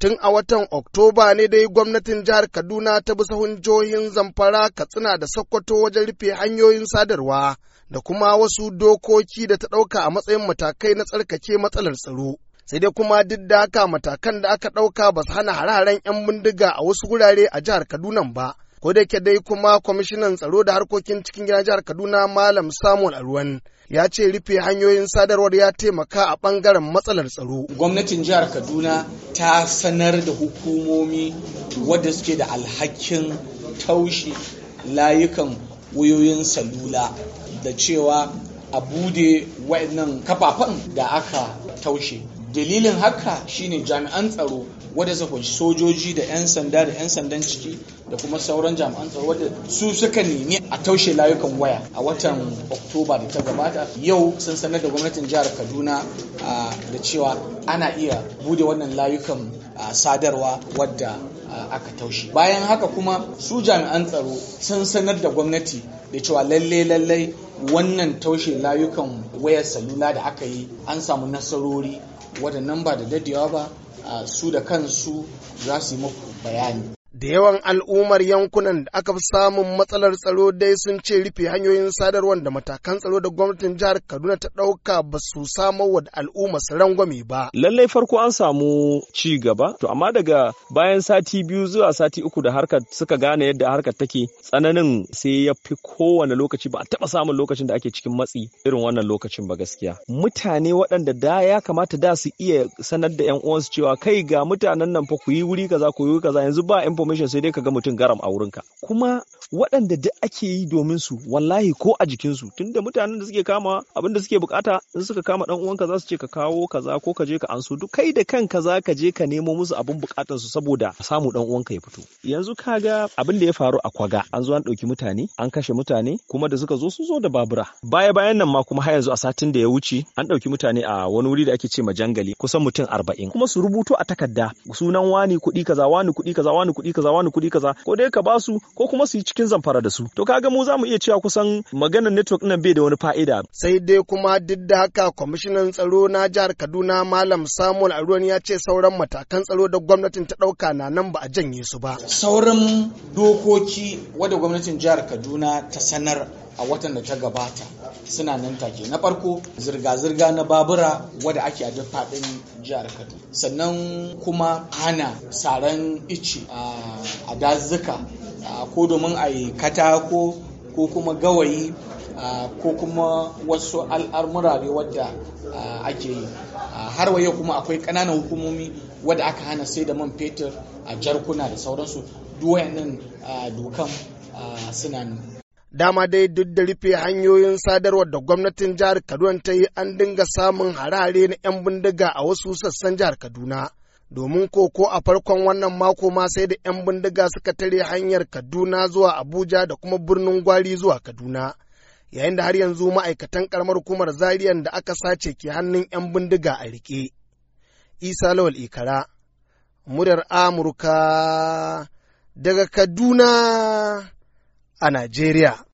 Tun a watan Oktoba ne dai gwamnatin jihar Kaduna ta bi sahun jihohin Zamfara, Katsina da Sokoto wajen rufe hanyoyin sadarwa da kuma wasu dokoki da ta ɗauka a matsayin matakai na tsarkake matsalar tsaro. Sai dai kuma duk da haka matakan da aka ɗauka ba su hana hare-haren 'yan bindiga a wasu wurare a jihar Kaduna ba. ko da yake dai kuma kwamishinan tsaro da harkokin cikin gidan jihar kaduna malam samuel Alwan ya ce rufe hanyoyin sadarwar ya taimaka a bangaren matsalar tsaro gwamnatin jihar kaduna ta sanar da hukumomi wadda suke da alhakin taushe layukan wayoyin salula da cewa a bude waɗannan kafafen da aka taushe dalilin haka shine jami'an tsaro wadda su sojoji da 'yan sanda da 'yan sandan ciki da kuma sauran jami'an tsaro wadda su suka nemi a taushe layukan waya a watan oktoba da ta gabata yau sun sanar da gwamnatin jihar kaduna da cewa ana iya bude wannan layukan sadarwa wadda aka taushe bayan haka kuma su jami'an tsaro sun sanar da gwamnati da cewa lalle lallai wannan taushe layukan wayar salula da aka yi an samu nasarori waɗannan ba da dadewa ba su da kansu za su yi muku bayani da yawan al'ummar yankunan da aka fi samun matsalar tsaro dai sun ce rufe hanyoyin sadarwar da matakan tsaro da gwamnatin jihar Kaduna ta ɗauka ba su samo wa al'umma su rangwame ba. Lallai farko an samu ci gaba, to amma daga bayan sati biyu zuwa sati uku da harkar suka gane yadda harkar take tsananin sai ya fi kowane lokaci ba a taɓa samun lokacin da ake cikin matsi irin wannan lokacin ba gaskiya. Mutane waɗanda da ya kamata da su iya sanar da 'yan uwansu cewa kai ga mutanen nan fa ku yi wuri kaza ku yi kaza yanzu ba information sai dai ka ga mutum garam a wurinka kuma waɗanda duk ake yi domin su wallahi ko a jikinsu tunda mutanen da suke kama abin da suke bukata in suka kama ɗan uwanka za su ce ka kawo kaza ko ka je ka ansu duk kai da kanka za ka je ka nemo musu abin bukatan su saboda samu ɗan uwanka ya fito yanzu kaga abin da ya faru a kwaga an zo an ɗauki mutane an kashe mutane kuma da suka zo su zo da babura baya bayan nan ma kuma har yanzu a satin da ya wuce an ɗauki mutane a wani wuri da ake ce ma jangali kusan mutum arba'in kuma su rubuto a takarda sunan wani kuɗi kaza wani kuɗi kaza wani kuɗi kuɗi kaza wani kuɗi kaza ko dai ka basu ko kuma su yi cikin zamfara da su to kaga mu za mu iya cewa kusan maganar network nan bai da wani fa'ida sai dai kuma duk da haka kwamishinan tsaro na jihar Kaduna Malam Samuel Aruwan ya ce sauran matakan tsaro da gwamnatin ta ɗauka na nan ba a janye su ba sauran dokoki wadda gwamnatin jihar Kaduna ta sanar a watan da ta gabata suna nan take na farko zirga-zirga na babura wadda ake a duk faɗin jihar kaduna sannan kuma hana saran ice a dazuka ko domin a yi katako ko kuma gawayi ko kuma wasu al'amurare ne wadda ake yi har waye kuma akwai ƙananan hukumomi wadda aka hana sai da man fetur a jarkuna da sauransu duk nan dokan suna nan dama dai duk da rufe hanyoyin sadarwar da gwamnatin jihar kaduna ta yi an dinga samun harare na 'yan bindiga a wasu sassan jihar kaduna domin koko a farkon wannan mako ma sai da 'yan bindiga suka tare hanyar kaduna zuwa abuja da kuma birnin gwari zuwa kaduna yayin da har yanzu ma'aikatan karamar hukumar zariyan da aka sace ke hannun 'yan bindiga a rike isa lawal ikara muryar amurka daga kaduna a Najeriya.